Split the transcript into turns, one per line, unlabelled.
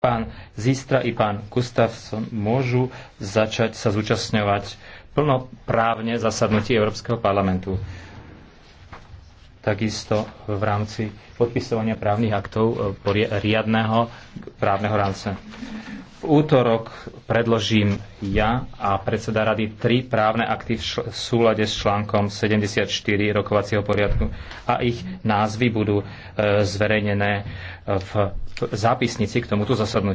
pán Zistra i pán Gustafsson môžu začať sa zúčastňovať plnoprávne zasadnutí Európskeho parlamentu. Takisto v rámci podpisovania právnych aktov e, riadného právneho rámca. V útorok predložím ja a predseda rady tri právne akty v súlade s článkom 74 rokovacieho poriadku a ich názvy budú e, zverejnené e, v zápisnici k tomuto zasadnutiu.